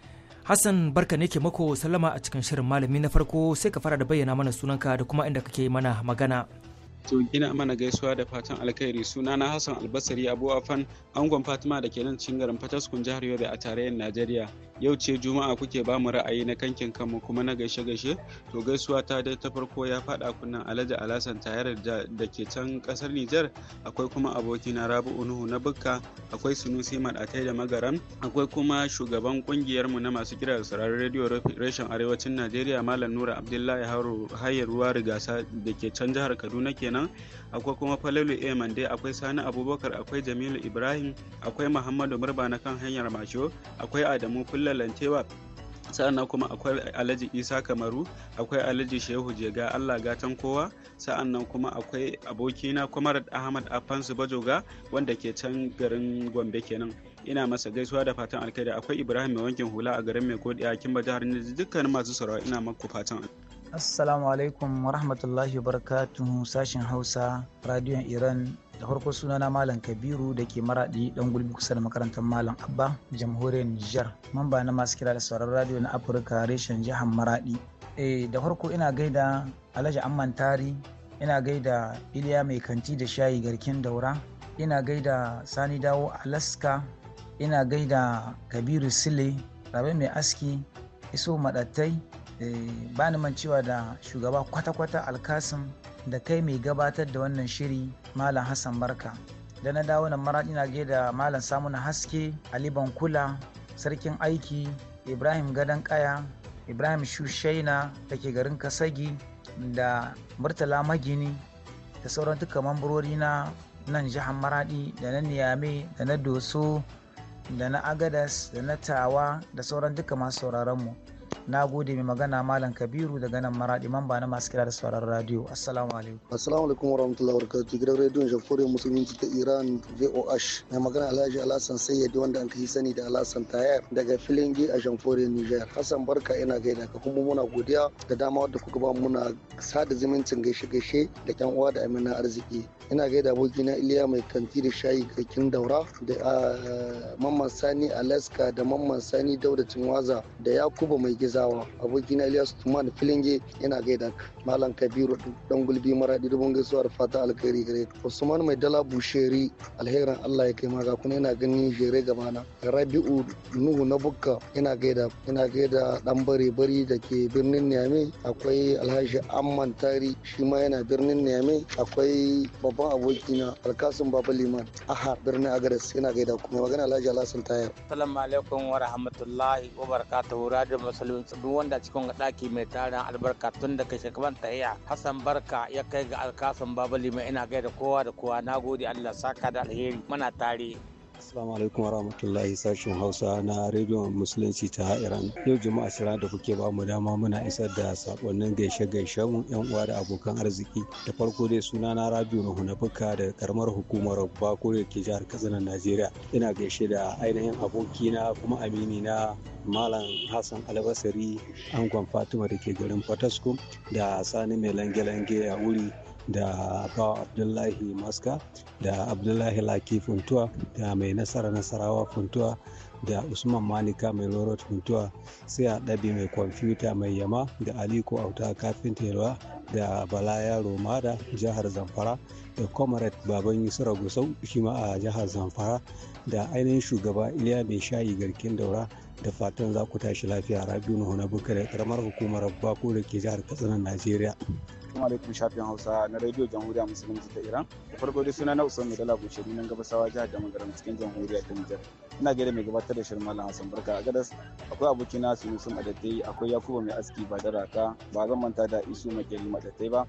[SPEAKER 1] Hassan barka ne ke mako sallama a cikin shirin malami na farko sai ka fara da bayyana mana sunanka da kuma inda kake mana magana.
[SPEAKER 5] to gina mana gaisuwa da fatan alkhairi na Hassan Albasari Abu angon Fatima da ke nan cikin garin Fataskun jihar Yobe a tarayyar Najeriya yau ce juma'a kuke ba mu ra'ayi na kankin kanmu kuma na gaishe gaishe to gaisuwa ta dai ta farko ya faɗa kunnan Alhaji Alasan tayar da ke can kasar Nijar akwai kuma abokina Rabi'u Nuhu na Bukka akwai Sunusi Madatai da Magaran akwai kuma shugaban kungiyar mu na masu kira da sauraron rediyo reshen arewacin Najeriya Malam Nura Abdullahi Hayar Ruwa Rigasa da ke can jihar Kaduna kenan kenan akwai kuma falalu a mande akwai sani abubakar akwai jamilu ibrahim akwai muhammadu murba na kan hanyar masho akwai adamu kullalantewa sa'annan kuma akwai alhaji isa kamaru akwai alhaji shehu jega allah gatan kowa sa'annan kuma akwai abokina kwamar ahmad afansu bajoga wanda ke can garin gombe kenan ina masa gaisuwa da fatan alkaida akwai ibrahim mai wankin hula a garin mai godiya kimba jihar ne dukkanin masu sarawa ina maku fatan alkaida
[SPEAKER 6] Assalamu alaikum wa rahmatullahi wa barakatuhu sashen Hausa radiyon Iran da farko sunana Malam Kabiru da ke maraɗi ɗan gulbi kusa da makarantar Malam Abba jamhuriyar Nijar mamba na masu kira da sauran radiyo na Afirka reshen jihar maraɗi. Eh da farko ina gaida Alhaji Amman Tari ina gaida Iliya Mai Kanti da Shayi Garkin Daura ina gaida Sani Dawo Alaska ina gaida Kabiru Sile Rabe Mai Aski Iso Maɗattai Eh, ba ni cewa da shugaba kwata-kwata alkasim da kai mai gabatar da wannan shiri malam hassan barka da na dawo nan mara ina da malam samuna haske ali bankula sarkin aiki ibrahim gadon kaya ibrahim shushaina da ke garin kasagi da murtala magini da sauran duka mambarori na nan jihar Maraɗi, da na niyame da na doso da na agadas da na tawa da sauran duka masu sauraronmu mu na gode mai magana malam kabiru daga nan maradi mamba na masu kira da sauran radio assalamu
[SPEAKER 7] alaikum assalamu alaikum wa wabarakatuh gidan rediyon shaforiyar musulunci ta iran voh mai magana alhaji alhassan sayyadi wanda an kai sani da alhassan tayar daga filingi a shamforiyar niger hassan barka ina gaida ka kuma muna godiya da dama wadda kuka ba muna sada zumuncin gaishe gaishe da yan uwa da amina arziki ina gaida aboki na iliya mai kanti da shayi kakin daura da ah, mamman sani alaska da mamman sani dauda waza da yakuba mai girgizawa abokina Ilyas Tuman Filinge yana gaida Malam Kabiru dan gulbi maradi dubun gaisuwar fata alkhairi gare Usman Mai Dala Busheri alherin Allah ya kai maga kuma yana gani jere gaba na Rabi'u Nuhu na Bukka yana gaida yana gaida dan bare bari da ke birnin Niamey akwai Alhaji Amman Tari shi ma yana birnin Niamey akwai babban abokina Alkasim Baba Liman aha birnin Agares yana gaida kuma magana Alhaji Alhassan Tayar.
[SPEAKER 6] Assalamu alaikum wa rahmatullahi wa barakatuhu radio halin wanda cikin ga daki mai tarin albarka tun daga shekaban tahiya Hassan Barka ya kai ga alkasan Babali mai ina gaida kowa da kowa gode Allah saka da alheri muna tare.
[SPEAKER 8] Assalamu alaikum warahmatullahi sashen Hausa na rediyon Musulunci ta Iran. Yau Juma'a shirar da kuke ba mu dama muna isar da sakonnin gaishe gaishe mu yan uwa da abokan arziki. Da farko dai suna na Rabiu na Hunafuka da karamar hukumar Bako da ke jihar Katsina Najeriya. Ina gaishe da ainihin abokina kuma amini na Malam Hassan Albasari Angon Fatima da ke garin Fataskum da Sani Mai Lange-Lange a wuri da ba abdullahi maska da abdullahi laki funtuwa da mai nasara nasarawa funtuwa da usman manika mai lorot funtuwa sai a ɗabi mai kwamfuta mai yama da aliko auta kafin teruwa da bala yaro mada jihar zamfara da comrade baban yusura gusau shi ma a jihar zamfara da ainihin shugaba iliya mai shayi garkin daura da fatan za ku tashi lafiya rabiu nuhu na da karamar hukumar bako da ke jihar katsina najeriya
[SPEAKER 9] assalamu alaikum shafin hausa na radio jamhuriya musulunci ta iran da farko dai suna na usman mai dala bushari nan gabasawa jihar da magaram cikin jamhuriya ta nijar ina gaida mai gabatar da shirin malam hassan barka a gadas akwai abokina sunusun adatai akwai yakuba mai aski ba da raka ba zan manta da isu makeri madatai ba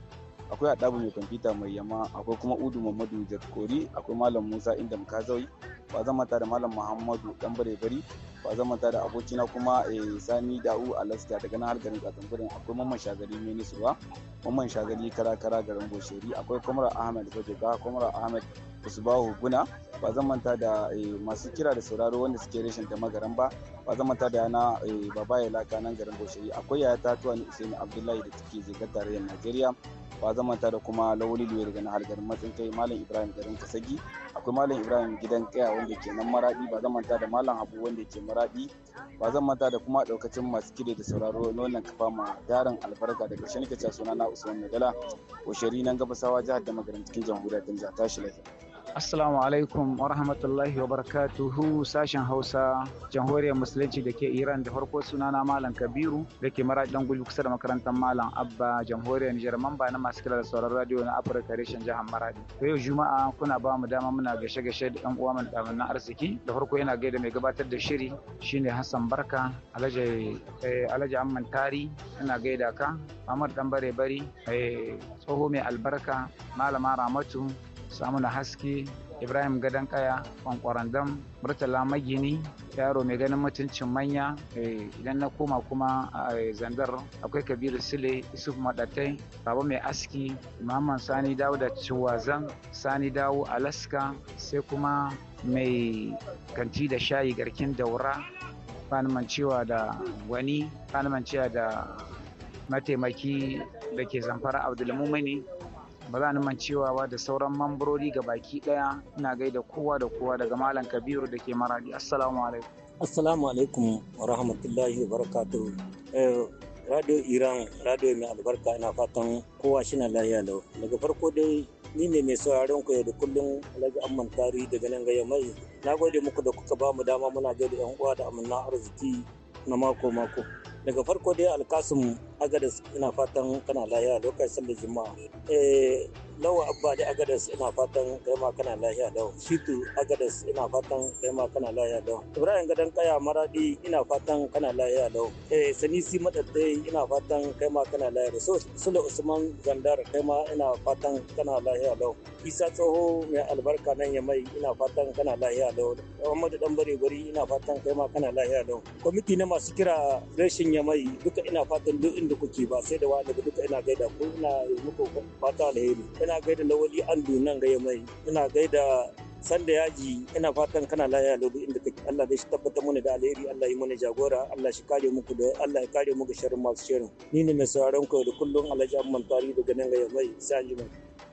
[SPEAKER 9] akwai adabu mai kwamfuta mai yama akwai kuma udu mamadu jakori akwai malam musa inda mukazawi ba zan manta da malam muhammadu dan bare bari ba zan manta da abokina kuma eh, sani da'u alaska daga nan har garin katsambirin akwai mamman shagari nisuwa mamman shagari kara kara garin gosheri akwai kwamra ahmed bajoga kwamra ahmed usbahu guna ba zan manta da eh, masu kira da sauraro wanda suke reshen da magaran ba ba zan manta da yana eh, baba ya laka nan garin gosheri akwai yaya tatuwa ni usaini abdullahi da take zirga tarayyar najeriya ba zamanta da kuma lawali da daga nahar garin matsin kai malam ibrahim garin kasagi akwai malam ibrahim gidan kaya wanda ke nan maradi ba zamanta da malam habu wanda ke maradi ba zamanta da kuma daukacin masu kire da sauraro nonan kafa ma darin albarka daga shanika suna na usman nadala oshari nan gabasawa jihar da magarin cikin jamhuriyar ta tashi lafiya
[SPEAKER 10] Assalamu alaikum wa rahmatullahi wa barakatuhu sashen Hausa jamhuriyar musulunci da ke Iran da farko sunana Malam Kabiru da ke marajan gulu kusa da makarantar Malam Abba jamhuriyar Nijar mamba na masu kira da sauran radio na Afirka reshen jihar Maradi. To yau Juma'a kuna ba mu dama muna gashe gashe da ɗan uwa mu da na arziki da farko yana gaida mai gabatar da shiri shine Hassan Barka Alhaji eh, Alhaji Amman Tari ina gaida ka Ahmad Dan Bare Bari eh, tsoho mai albarka Malama Ramatu samuna haske ibrahim gadon kaya kwankwarandam murtala magini yaro mai ganin mutuncin manya eh, idan na koma kuma a zandar akwai kabiru sile isuf madatai babu mai aski muhammad sani dawo da ciwazan sani dawo alaska sai kuma mai kanti da shayi garkin daura fanuman cewa da gwani fanuman cewa da mataimaki da ke zamfara abdulmumini ba za ni cewa ba da sauran mambarori ga baki ɗaya ina gaida kowa da kowa daga malam
[SPEAKER 11] kabiru da ke maradi assalamu alaikum assalamu alaikum wa rahmatullahi wa barakatuhu eh, radio iran radio mai albarka ina fatan kowa shi na lahiya lau daga farko dai ni ne mai sauraron ku da kullum alhaji amman tarihi daga nan gaya mai na gode muku da kuka ba mu dama muna gaida yan uwa da amina arziki na mako mako daga farko dai alkasum agadis ina fatan kana lahiya lokacin da juma'a eh, lawa abba da agadas ina fatan kai ma kana lahiya lau shitu agadas ina fatan kai ma kana lahiya lau ibrahim gadan kaya maradi ina fatan kana lahiya lau eh sanisi madaddai ina fatan kai ma kana lahiya so sule usman zandar kai ma ina fatan kana lahiya lau isa tsoho mai albarka nan ya mai ina fatan kana lahiya lau muhammadu dan bare gori ina fatan kai ma kana lahiya lau kwamiti na masu kira reshin ya mai duka ina fatan duk inda kuke ba sai da wani duka ina gaida ku ina muku fata alheri ina ina gaida lawali andu nan gaya mai ina gaida sanda yaji ina fatan kana lafiya lodu inda kake Allah zai tabbatar mana da alheri Allah yi mana jagora Allah shi kare muku da Allah ya kare muku sharrin masu sharrin ni ne mai sauraron ku da kullun Alhaji Amman Tari daga nan gaya mai sai mai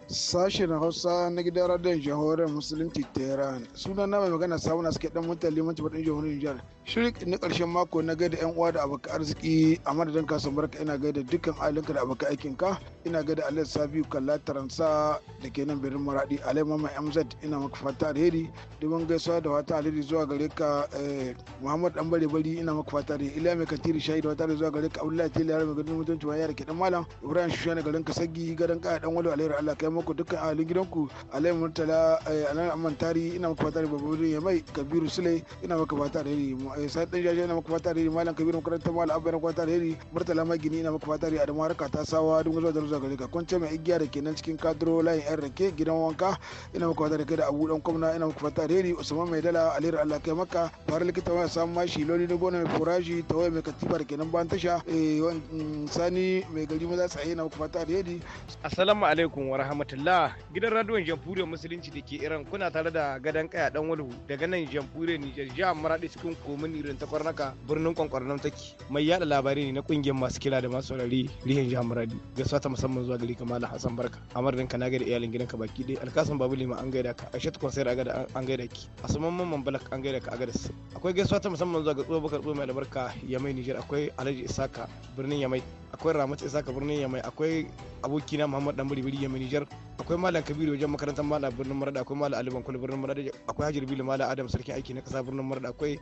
[SPEAKER 12] sashi na hausa na gidan radiyon jihohar musulunci tehran sunan na mai magana samuna suke dan mutane mutum ɗin jihohar nijar shirik na karshen mako na gaida yan uwa da abokan arziki a madadin kasan barka ina gaida dukkan ahalinka da abokan aikinka ina gaida alhaji sabiu kalla taransa da ke nan birnin maradi alai mama mz ina maka fata alheri domin gaisuwa da wata alheri zuwa gare ka eh, muhammad dan bare bari ina maka fata alheri iliya mai katiri shahid wata alheri zuwa gare ka abdullahi tele yaro mai gudun mutunci wani yara ke dan malam ibrahim shushana garin kasagi garin kaya dan wali alheri allah kai maku dukkan ahalin gidanku alai murtala eh, Alai amantari ina maka fata alheri babu ya mai kabiru sule ina maka fata alheri Eh, sai dan jaje na muku fata alheri malam kabiru makarantar malam abba na kwata alheri murtala magini na muku fata alheri adamu harka ta sawa dun gazo da zuwa gare ka kwance mai igiya da kenan cikin kadro layin yan rake gidan wanka ina muku fata da kai da abu dan kwamna ina muku fata alheri usman mai dala alheri allah kai maka fara likita wani samun mashi loli na gona mai furaji ta waya mai katifa da kenan ban tasha eh, mm, sani mai gari maza tsaye na muku fata alheri.
[SPEAKER 13] assalamu alaikum wa rahmatullah gidan radiyon jamhuriyar musulunci da ke iran kuna tare da gadan kaya dan walhu daga nan jamhuriyar nijar jihar maradi cikin komin wani irin ta kwarnaka birnin kwankwarnan take mai yada labarai ne na kungiyar masu kila da masu saurari rihin jamuradi ga sata musamman zuwa gari kamala hassan barka amar ka na gaida iyalin gidanka baki ɗaya alkasan babu lima an gaida ka aisha ta kwasai da an gaida ki a saman mamman balak an gaida ka agadas akwai gaisuwa ta musamman zuwa ga tsohon bakar tsohon mai albarka yamai nijar akwai alhaji isaka birnin yamai akwai ramat isaka birnin yamai akwai abokina muhammad dan biri yamai nijar akwai malam kabiru wajen makarantar malam birnin marada akwai malam aliban kwal birnin marada akwai hajar bilu malam adam sarkin aiki na kasa birnin marada akwai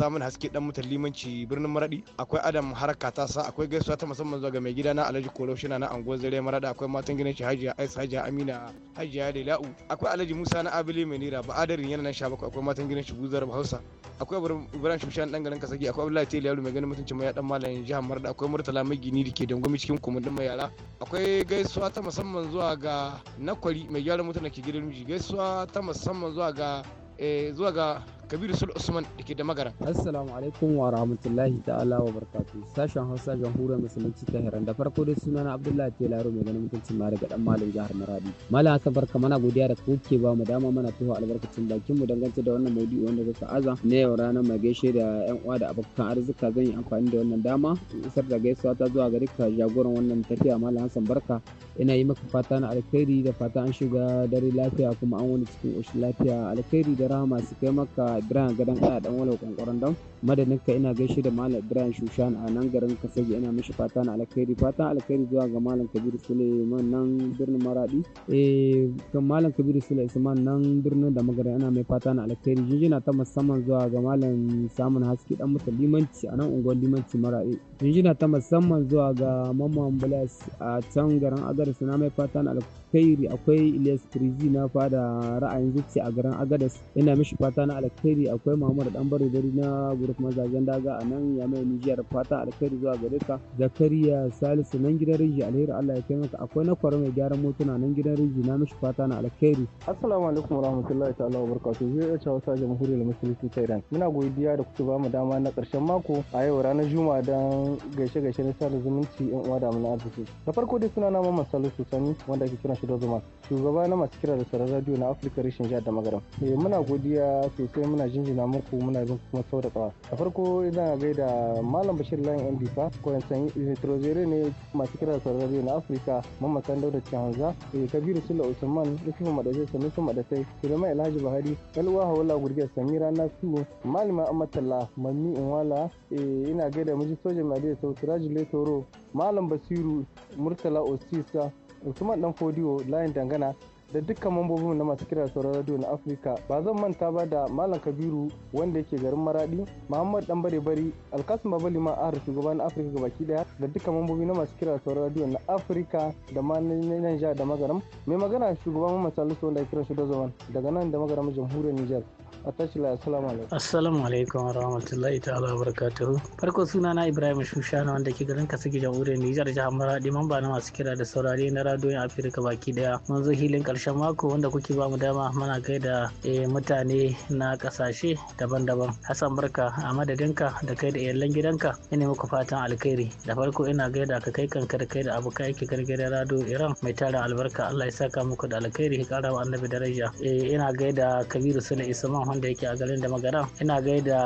[SPEAKER 13] samun haske dan mutan limanci birnin maradi akwai adam haraka ta sa akwai gaisuwa ta musamman zuwa ga mai gida na alhaji kolo shina na anguwar zare maradi akwai matan gidan shi hajiya aisa hajiya amina hajiya da la'u akwai alhaji musa na abili mai nira ba adarin yana nan shabaka akwai matan gidan shi guzar hausa akwai ibrahim shushan dan garin kasagi akwai abdullahi tele yaro mai ganin mutuncin mai dan malamin jihar maradi akwai murtala mai gini da ke dangwami cikin kumudin mai yara akwai gaisuwa ta musamman zuwa ga nakwari mai gyaran mutane ke gidan miji gaisuwa ta musamman zuwa ga eh, zuwa ga kabiru sul usman da ke da magara
[SPEAKER 14] assalamu alaikum wa rahmatullahi ta'ala wa barkatu sashen hausa jamhuriyar musulunci ta hiran da farko dai suna na abdullahi telaro mai ganin mutuncin ma ga dan malam jihar maradi malam hasan barka mana godiya da kuke ba mu dama mana tuhu albarkacin bakin mu dangance da wannan maudu'i wanda zaka aza na yau ranar mai gaishe da yan uwa da abokan arzika zan yi amfani da wannan dama isar da gaisuwa ta zuwa gari ka jagoran wannan tafiya malam hasan barka ina yi maka fata na alkhairi da fata an shiga dare lafiya kuma an wani cikin ƙoshin lafiya alkhairi da rahama su kai maka Ibrahim gadan kaya dan wala kwankwaron dan madadin ka ina gaishe da Malam Ibrahim Shushan a nan garin Kasagi ina mishi fata na alkhairi fatan alkhairi zuwa ga Malam Kabiru Suleiman nan birnin Maradi eh kan Malam Kabiru Suleiman nan birnin da magana ina mai fata na alkhairi jinjina ta musamman zuwa ga Malam Samun Haske dan mutan limanci a nan unguwar limanci Maradi jinjina ta musamman zuwa ga mamman blas a can garin agadas na mai fatan alkhairi akwai ilyas kirji na fada ra'ayin zuci a garin agadas ina mishi fata na alkhairi akwai mamar dan bari dari na gurup mazajen daga a nan ya mai nijiyar fata alkhairi zuwa gare ka zakariya salisu nan gidan riji alheri allah ya taimaka akwai na kwaro mai gyaran motuna nan
[SPEAKER 15] gidan riji na mishi fata na alkhairi assalamu alaikum rahmatullahi ta'ala barakatu. zai iya cewa sa jamhuriyar musulunci ta iran muna godiya da kuke bamu dama na karshen mako a yau ranar juma'a dan gaishe-gaishe na sada zumunci yan uwa da amina arziki da farko dai suna na mamman salisu sani wanda ake kiran shi da zuma shugaba na masu kira da sauran radio na afirka rishin jihar da magaram eh muna godiya sosai muna jinjina muku muna bin kuma sau da tsawa da farko ina gaida malam bashir layin yan difa yan sanyi nitrozere ne masu kira da sauran radio na afirka mamman sandau da cihanza eh kabiru sula usman yusufu madasai sanusu madasai sulaiman alhaji buhari yalwa hawala gurgiyar samira nasu malama amatalla mammi inwala eh ina gaida miji soja mai Sadiya Sautiraji Letoro, Malam Basiru Murtala Osisa, Usman Dan Fodiyo Layin Dangana da dukkan mambobin na masu kira sauran radio na Afirka ba zan manta ba da Malam Kabiru wanda yake garin Maradi, Muhammad Dan Bare Bari, Alkasim Babali Ahar shugaban Afirka gabaki daya da dukkan mambobi na masu kira sauran radio na Afirka da ma na da Magaram. Mai magana shugaban Mamman Salisu wanda ya kira shi da zaman daga nan da Magaram jamhuriyar Nijar. a assalamu alaikum
[SPEAKER 16] assalamu alaikum wa rahmatullahi ta'ala wa barakatuhu farko suna na ibrahim shushana wanda ke garin kasige jamhuriyar nijar jihar maradi mamba na masu kira da saurare na radiyon afirka baki daya mun zo hilin karshen mako wanda kuke ba mu dama mana da eh, mutane na kasashe daban-daban hassan barka a madadinka da kai da iyalan gidanka ina muku fatan alkhairi da farko ina gaida ka kai kanka da kai da abokai yake gargada rado iran mai tara albarka allah ya saka muku da alkhairi ya kara annabi daraja eh, ina gaida kabiru sule isman wanda yake a garin da magaran ina gaida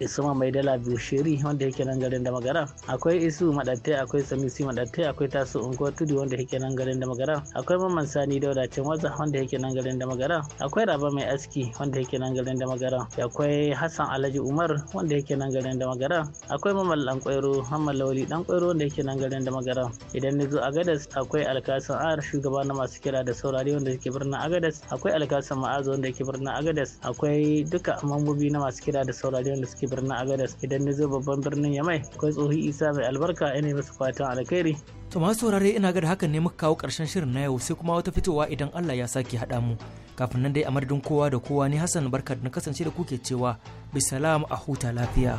[SPEAKER 16] isuma mai dala bushiri wanda yake nan garin da magaran akwai isu madattai akwai samisi madattai akwai tasu unko tudu wanda yake nan garin da magaran akwai mamman sani dauda waza. wanda yake nan garin da magaran akwai raba mai aski wanda yake nan garin da magaran akwai hassan alhaji umar wanda yake nan garin da magaran akwai mamman dan kwairo Mamman lawali dan kwairo wanda yake nan garin da magaran idan ni zo agadas akwai alkasan ar shugaba na masu kira da saurari wanda yake birnin agadas akwai alkasan ma'azo wanda yake birnin agadas akwai akwai duka mambobi na masu kira da saurari da suke birnin agadas idan na zo babban birnin yamai akwai tsohi isa mai albarka ina masu fatan alkhairi
[SPEAKER 1] to masu saurare ina ga da hakan ne muka kawo karshen shirin na yau sai kuma wata fitowa idan allah ya sake haɗa mu kafin nan dai a madadin kowa da kowa ne hassan barka na kasance da kuke cewa bisalam a huta lafiya.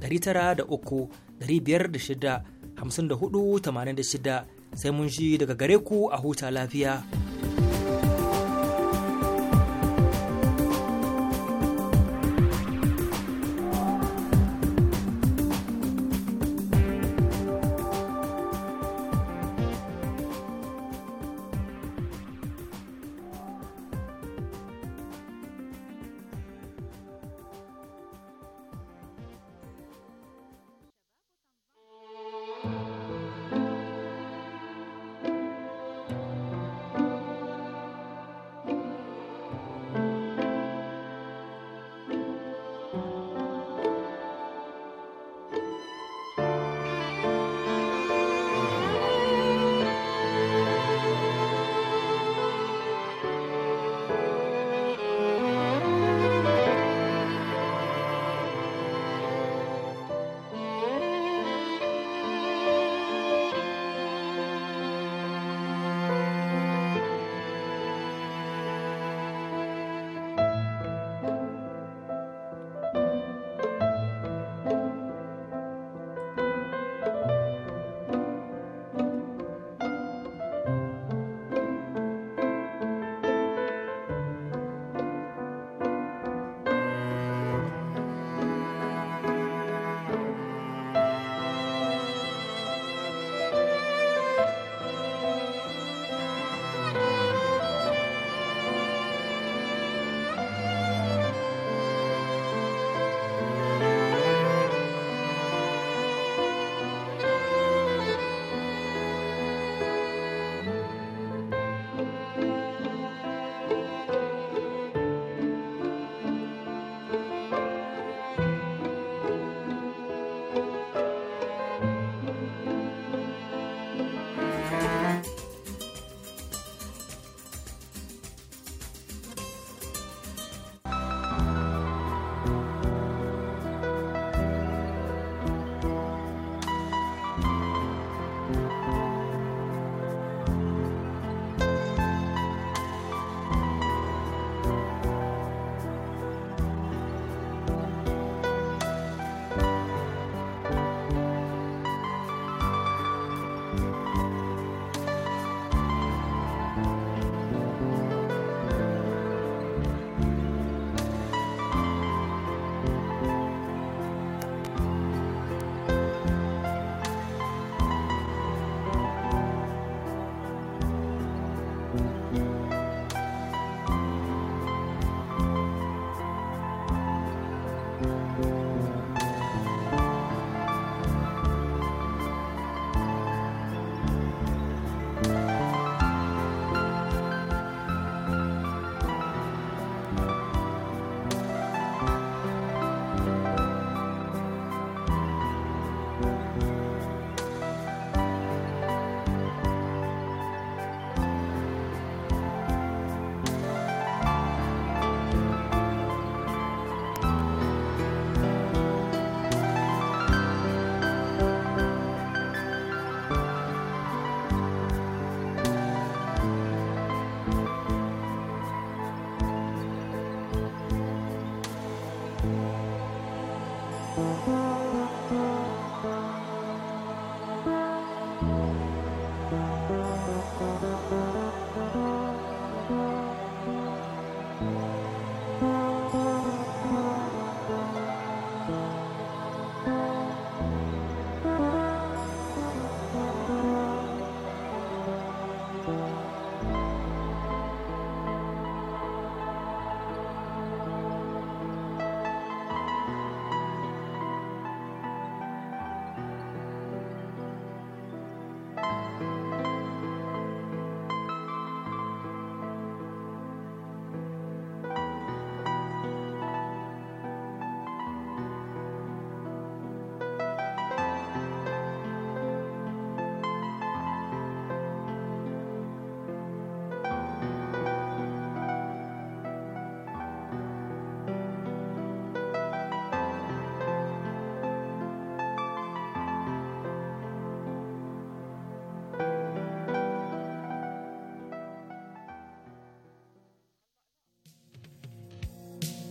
[SPEAKER 1] 9,506,5486 sai mun ji daga gare ku a huta lafiya.